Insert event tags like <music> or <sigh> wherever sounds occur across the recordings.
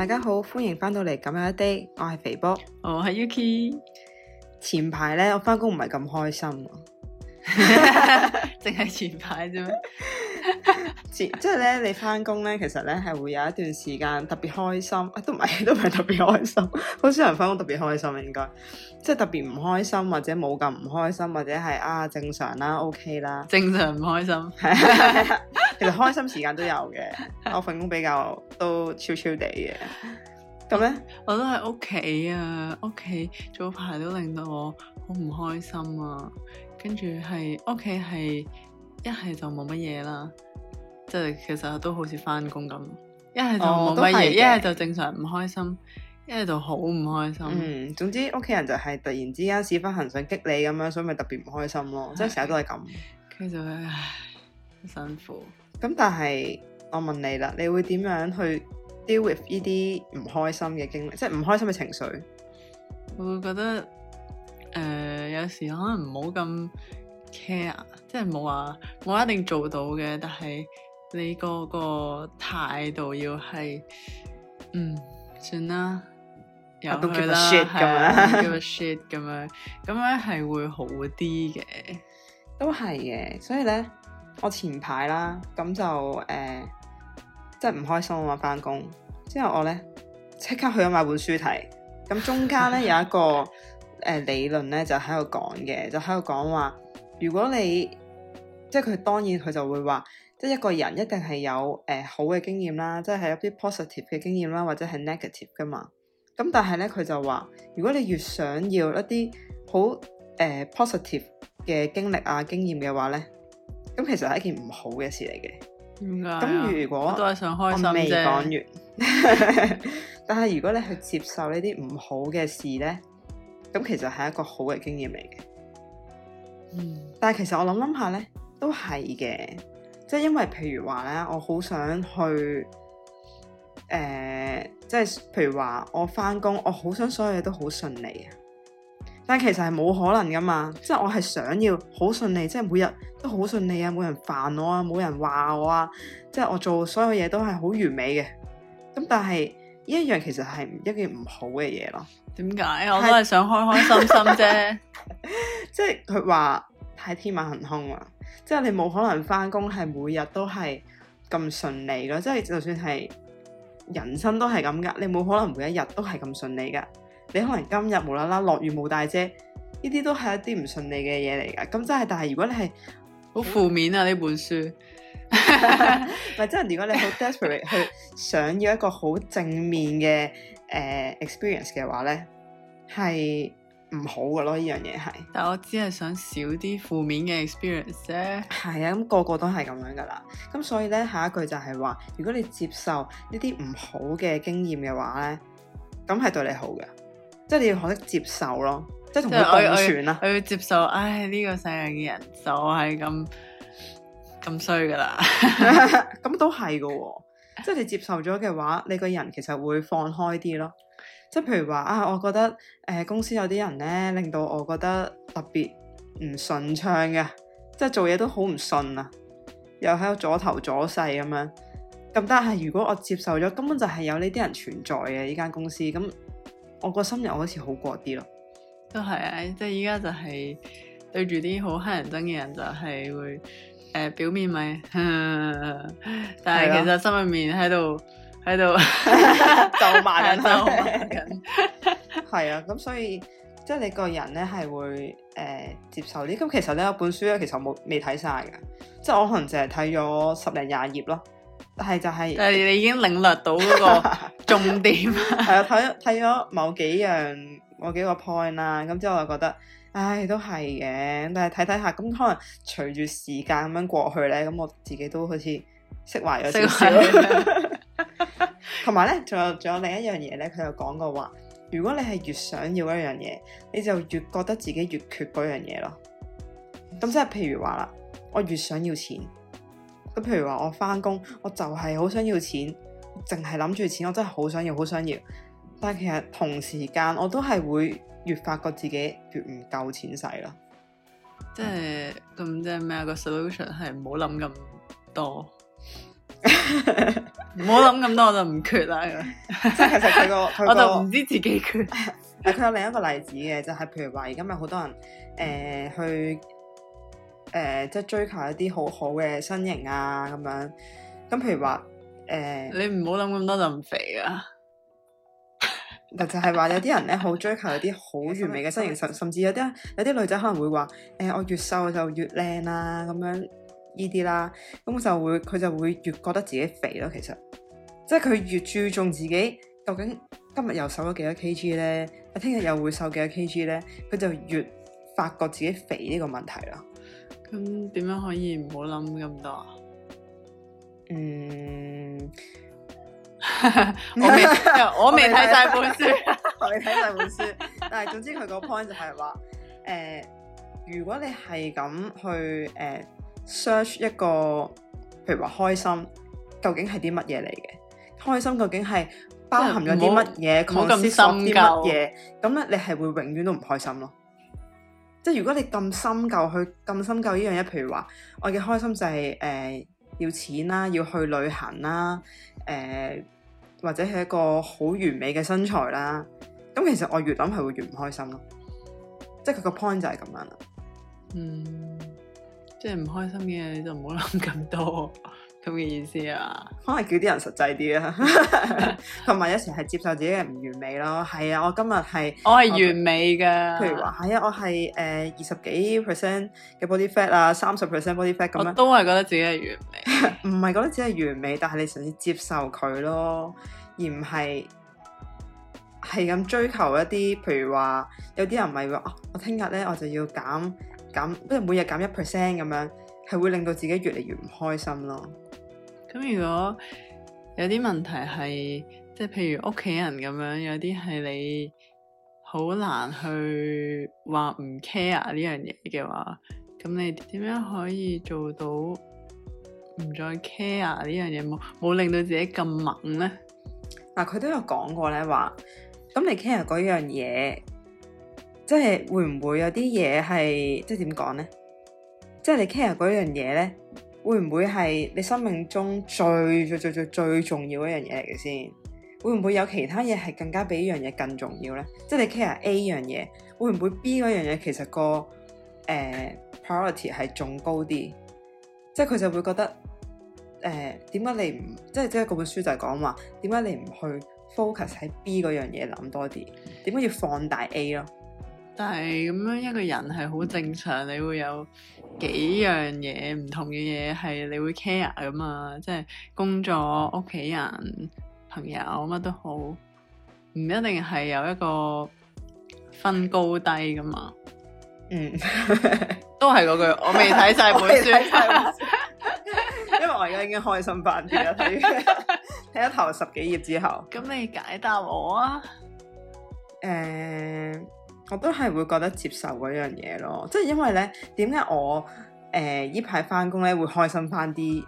大家好，歡迎翻到嚟《感恩一 day》，我係肥波，我係 Yuki。前排咧，我翻工唔係咁開心。淨 <laughs> 係 <laughs> 前排啫咩？前即係咧，你翻工咧，其實咧係會有一段時間特別開心，啊，都唔係，都唔係特別開心，好 <laughs> 少人翻工特別開心啊，應該即係特別唔開心，或者冇咁唔開心，或者係啊正常啦，OK 啦，正常唔開心。 <laughs> <laughs> 其實開心時間都有嘅， <laughs> 我份工比較都 chill chill 地嘅。咁咧，我都喺屋企啊，屋企早排都令到我好唔開心啊。跟住係屋企係一係就冇乜嘢啦，即係其實都好似返工咁。一係就冇乜嘢，一係、哦、就正常唔開心，一係就好唔開心。嗯，總之屋企人就係突然之間屎忽痕想激你咁樣，所以咪特別唔開心咯。 <laughs> 即係成日都係咁，其實唉，辛苦。咁但係我問你啦，你會點樣去 deal with 呢啲唔開心嘅經歷，即係唔開心嘅情緒？我會覺得誒、呃，有時可能唔好咁 care，即係冇話我一定做到嘅。但係你個個態度要係嗯，算啦，又、啊、去啦，係咪？don't give a shit 咁 <laughs> 樣，咁樣係會好啲嘅，都係嘅。所以咧。我前排啦，咁就誒，即係唔開心啊！翻工之後我咧即刻去咗買本書睇。咁中間咧 <laughs> 有一個誒、呃、理論咧就喺度講嘅，就喺度講話如果你即係佢，當然佢就會話，即係一個人一定係有誒、呃、好嘅經驗啦，即係一啲 positive 嘅經驗啦，或者係 negative 噶嘛。咁但係咧佢就話，如果你越想要一啲好誒 positive 嘅經歷啊經驗嘅話咧。咁其實係一件唔好嘅事嚟嘅。咁如果我都係想開心啫，未講完。 <laughs> <laughs> 但係如果你去接受呢啲唔好嘅事咧，咁其實係一個好嘅經驗嚟嘅。嗯。但係其實我諗諗下咧，都係嘅。即、就、係、是、因為譬如話咧，我好想去，誒、呃，即、就、係、是、譬如話我翻工，我好想所有嘢都好順利啊。但其實係冇可能噶嘛，即係我係想要好順利，即係每日都好順利啊，冇人煩我啊，冇人話我啊，即係我做所有嘢都係好完美嘅。咁但係呢一樣其實係一件唔好嘅嘢咯。點解？是我都係想開開心心啫。即係佢話太天馬行空啦，即係你冇可能翻工係每日都係咁順利咯。即係就算係人生都係咁噶，你冇可能每一日都係咁順利噶。你可能今日無啦啦落雨冇帶遮，呢啲都係一啲唔順利嘅嘢嚟噶。咁真係，但係如果你係好負面啊呢、嗯、本書，唔 <laughs> 係 <laughs> 真係。如果你好 desperate 去想要一個好正面嘅誒、呃、experience 嘅話咧，係唔好噶咯。呢樣嘢係。但我只係想少啲負面嘅 experience 啫。係啊、 <laughs> 嗯，咁個個都係咁樣噶啦。咁、嗯、所以咧，下一句就係話，如果你接受呢啲唔好嘅經驗嘅話咧，咁係對你好嘅。即係你要學識接受咯，即係同佢共存啦。佢要，要，要接受，唉，呢、這個世界嘅人就係咁咁衰噶啦。咁 <laughs> <laughs> 都係噶，即係你接受咗嘅話，你個人其實會放開啲咯。即係譬如話啊，我覺得誒、呃、公司有啲人咧，令到我覺得特別唔順暢嘅，即係做嘢都好唔順啊，又喺度阻頭阻勢咁樣。咁但係如果我接受咗，根本就係有呢啲人存在嘅呢間公司咁。嗯我個心又好似好過啲咯 <noise> 。都係啊，即係依家就係對住啲好乞人憎嘅人就，就係會誒表面咪， <laughs> 但係其實心入面喺度喺度就罵緊，就罵緊。係啊，咁所以即係、就是、你個人咧係會誒、呃、接受啲。咁、 <laughs> 嗯、其實咧有本書咧，其實我冇未睇晒噶，即係 <laughs> 我可能淨係睇咗十零廿頁咯。是就是、但係就係，但係你已經領略到嗰個重點。係啊，睇睇咗某幾樣，某幾個 point 啦。咁之後我就覺得，唉，都係嘅。但係睇睇下，咁可能隨住時間咁樣過去咧，咁我自己都好似釋懷咗少少。同埋咧，仲 <laughs> 有仲有,有另一樣嘢咧，佢又講過話，如果你係越想要一樣嘢，你就越覺得自己越缺嗰樣嘢咯。咁即係譬如話啦，我越想要錢。譬如話我翻工，我就係好想要錢，淨係諗住錢，我真係好想要，好想要。但係其實同時間，我都係會越發覺自己越唔夠錢使囉。嗯、即係咁，即係咩啊？個 solution 係唔好諗咁多，唔好諗咁多，我就唔缺啦。 <laughs> 即係其實佢、 <laughs> 個，我就唔知自己缺。佢 <laughs> 有另一個例子嘅，就係、是、譬如話，而家咪好多人誒去。呃嗯誒、呃，即係追求一啲好好嘅身形啊，咁樣咁。譬如話誒，呃、你唔好諗咁多就唔肥啊。嗱， <laughs> 就係話有啲人咧，好追求一啲好完美嘅身形，甚甚至有啲有啲女仔可能會話誒、呃，我越瘦就越靚啊，咁樣呢啲啦。咁就會佢就會越覺得自己肥咯。其實即係佢越注重自己究竟今日又瘦咗幾多 K G 咧，我聽日又會瘦幾多 K G 咧，佢就越發覺自己肥呢個問題咯。咁點樣可以唔好諗咁多啊？嗯， <laughs> 我未睇沒， <laughs> 我未睇曬本書， <laughs> 我未睇曬本書。 <laughs> 但係總之佢個 point 就係話，誒、呃，如果你係咁去誒、呃、search 一個，譬如話開心，究竟係啲乜嘢嚟嘅？開心究竟係包含咗啲乜嘢？冇咁深究。乜嘢？深究。咁咧，你係會永遠都唔開心咯。即係如果你咁深究去咁深究呢樣嘢，譬如話我嘅開心就係、是、誒、呃、要錢啦，要去旅行啦，誒、呃、或者係一個好完美嘅身材啦，咁其實我越諗係會越唔開心咯。即係佢個 point 就係咁樣啦。嗯，即係唔開心嘅你就唔好諗咁多。咁嘅意思啊，可能叫啲人實際啲啊，同 <laughs> 埋有 <laughs> 時係接受自己嘅唔完美咯。係啊，我今日係我係完美嘅。譬如話係啊，我係誒二十幾 percent 嘅 body fat 啊，三十 percent body fat 咁樣。我都係覺得自己係完美，唔係 <laughs> 覺得自己係完美，但係你嘗試接受佢咯，而唔係係咁追求一啲，譬如話有啲人咪話，啊，我聽日咧我就要減減，即係每日減一 percent 咁樣，係會令到自己越嚟越唔開心咯。咁如果有啲問題係即係譬如屋企人咁樣，有啲係你好難去話唔 care 呢樣嘢嘅話，咁你點樣可以做到唔再 care 呢樣嘢？冇冇令到自己咁猛咧？嗱，啊，佢都有講過咧話，咁你 care 嗰樣嘢，即係會唔會有啲嘢係即係點講咧？即係你 care 嗰樣嘢咧？會唔會係你生命中最最最最最重要一樣嘢嚟嘅先？會唔會有其他嘢係更加比呢樣嘢更重要咧？即係你 care A 樣嘢，會唔會 B 嗰樣嘢其實個誒、呃、priority 係仲高啲？即係佢就會覺得誒，點解你唔即係即係嗰本書就係講話點解你唔去 focus 喺 B 嗰樣嘢諗多啲？點解要放大 A 咯？但係咁樣一個人係好正常，你會有幾樣嘢唔同嘅嘢係你會 care 噶嘛？即係工作、屋企人、朋友乜都好，唔一定係有一個分高低噶嘛。嗯， <laughs> 都係嗰句，我未睇晒本書， <laughs> 本書 <laughs> <laughs> 因為我而家已經開心翻啲啦，睇睇咗頭十幾頁之後，咁你解答我啊？誒、uh。我都係會覺得接受嗰樣嘢咯，即係因為咧，點解我誒呢排翻工咧會開心翻啲？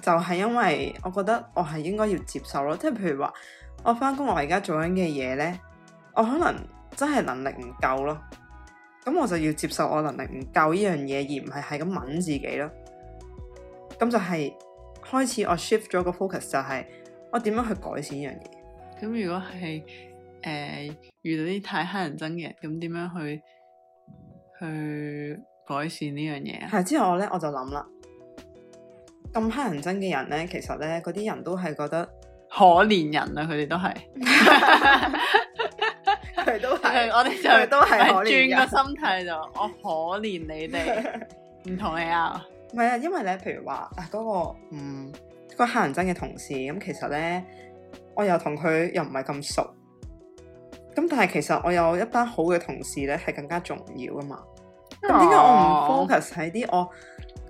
就係、是、因為我覺得我係應該要接受咯，即係譬如話我翻工我而家做緊嘅嘢咧，我可能真係能力唔夠咯，咁我就要接受我能力唔夠呢樣嘢，而唔係係咁問自己咯。咁就係開始我 shift 咗個 focus，就係我點樣去改善呢樣嘢。咁如果係？誒、欸，遇到啲太黑人憎嘅人，咁點樣去去改善呢樣嘢？係之後我咧我就諗啦，咁黑人憎嘅人咧，其實咧嗰啲人都係覺得可憐人啊，佢哋都係，佢 <laughs> <laughs> 都係，我哋就都係可憐轉個心態就，我可憐你哋，唔同你啊，唔係啊，因為咧，譬如話嗰、嗰個嗯、嗰個黑人憎嘅同事，咁、嗯、其實咧我又同佢又唔係咁熟。咁但係其實我有一班好嘅同事咧係更加重要噶嘛，咁點解我唔 focus 喺啲我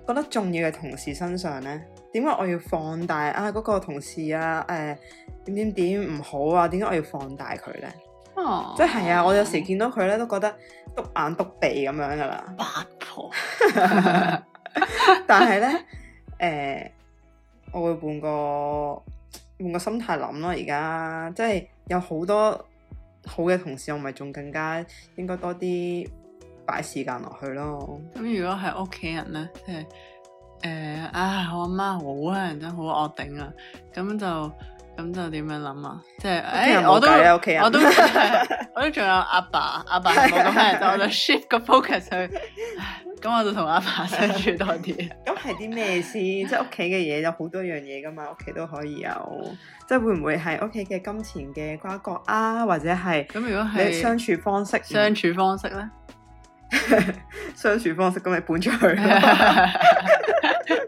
覺得重要嘅同事身上咧？點解我要放大啊嗰、嗰個同事啊？誒、呃，點點點唔好啊？點解我要放大佢咧？哦、啊，即係啊！我有時見到佢咧都覺得篤眼篤鼻咁樣噶啦，八婆。 <laughs> <laughs> <laughs> 但係咧，誒、呃，我會換個換個心態諗咯。而家即係有好多。好嘅同事，我咪仲更加應該多啲擺時間落去咯。咁如果係屋企人咧，即係誒啊，我阿媽好乞人憎，好惡頂啊！咁就咁就點樣諗啊？即係誒我都屋我都我都仲有阿爸阿爸，我都係人我嚟 shift 個 focus 去。 <laughs> 咁我就同阿爸，爸相處多啲。咁係啲咩先？ <laughs> 即係屋企嘅嘢有好多樣嘢噶嘛，屋企都可以有。即係會唔會係屋企嘅金錢嘅瓜葛啊？或者係咁？如果係相處方式， <laughs> 相處方式咧， <laughs> 相處方式咁咪搬出去。 <laughs> <laughs>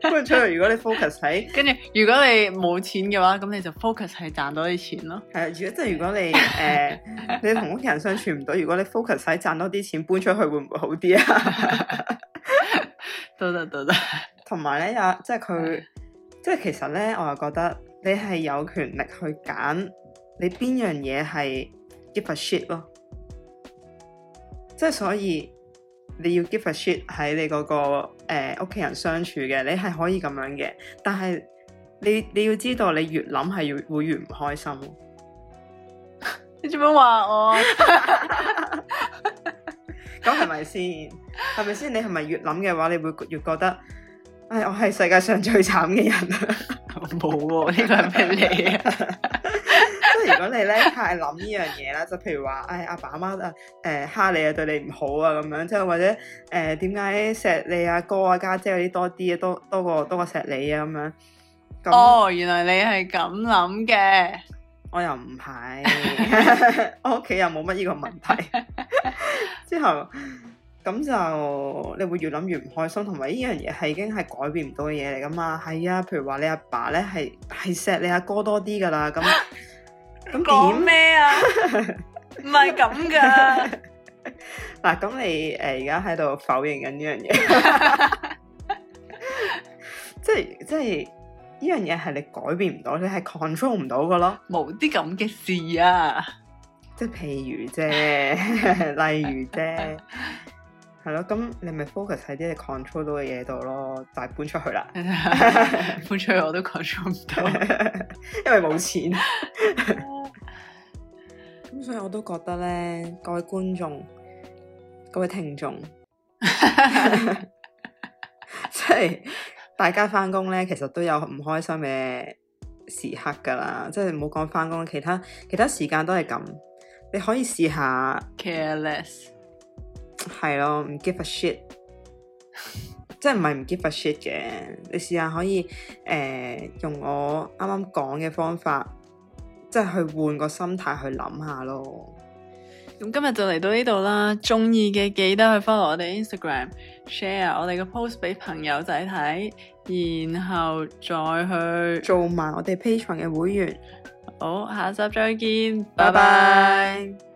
搬出去，如果你 focus 喺，跟住如果你冇錢嘅話，咁你就 focus 喺賺多啲錢咯。係啊，如果即係如果你誒，你同屋企人相處唔到，如果你 focus 喺賺多啲錢搬出去會唔會好啲啊？得得得得，同埋咧有即係佢，即係其實咧我又覺得你係有權力去揀你邊樣嘢係 give a shit 咯，即係所以。你要 give a shit 喺你嗰個誒屋企人相處嘅，你係可以咁樣嘅，但係你你要知道，你越越 <laughs> 你，你是是越諗係會越唔開心。你做乜話我？咁係咪先？係咪先？你係咪越諗嘅話，你會越覺得，唉，我係世界上最慘嘅人。冇喎，呢個係咩嚟啊？ <laughs> 如果你咧太諗呢樣嘢啦，就譬如話，哎阿爸阿媽啊，誒、呃、蝦你啊，對你唔好啊，咁樣，之後或者誒、呃、點解錫你阿哥啊家姐嗰啲多啲啊，多多過多過錫你啊，咁樣。哦，oh, 原來你係咁諗嘅，我又唔係，我屋企又冇乜呢個問題。 <laughs> 之後咁就你會越諗越唔開心，同埋呢樣嘢係已經係改變唔到嘅嘢嚟噶嘛？係啊，譬如話你阿爸咧係係錫你阿哥，哥多啲噶啦，咁。 <laughs> 講咩啊？唔係咁噶。嗱，咁你誒而家喺度否認緊呢樣嘢，即係即係呢樣嘢係你改變唔到，你係 control 唔到嘅咯。冇啲咁嘅事啊！即係譬如啫，例如啫，係咯。 <laughs> 咁你咪 focus 喺啲你 control 到嘅嘢度咯，就搬出去啦。 <laughs> <laughs> 搬出去我都 control 唔到， <laughs> <laughs> 因為冇沒錢。 <laughs> 咁所以我都覺得咧，各位觀眾、各位聽眾，即係 <laughs> <laughs> 大家翻工咧，其實都有唔開心嘅時刻噶啦。即係唔好講翻工，其他其他時間都係咁。你可以試下 careless，係咯，唔 give a shit，即係唔係唔 give a shit 嘅？你試下可以誒、呃、用我啱啱講嘅方法。即係去換個心態去諗下咯。咁今日就嚟到呢度啦。鍾意嘅記得去 follow 我哋 Instagram，share 我哋嘅 post 俾朋友仔睇，然後再去做埋我哋 Patreon 嘅會員。好，下集再見，拜拜 bye。Bye bye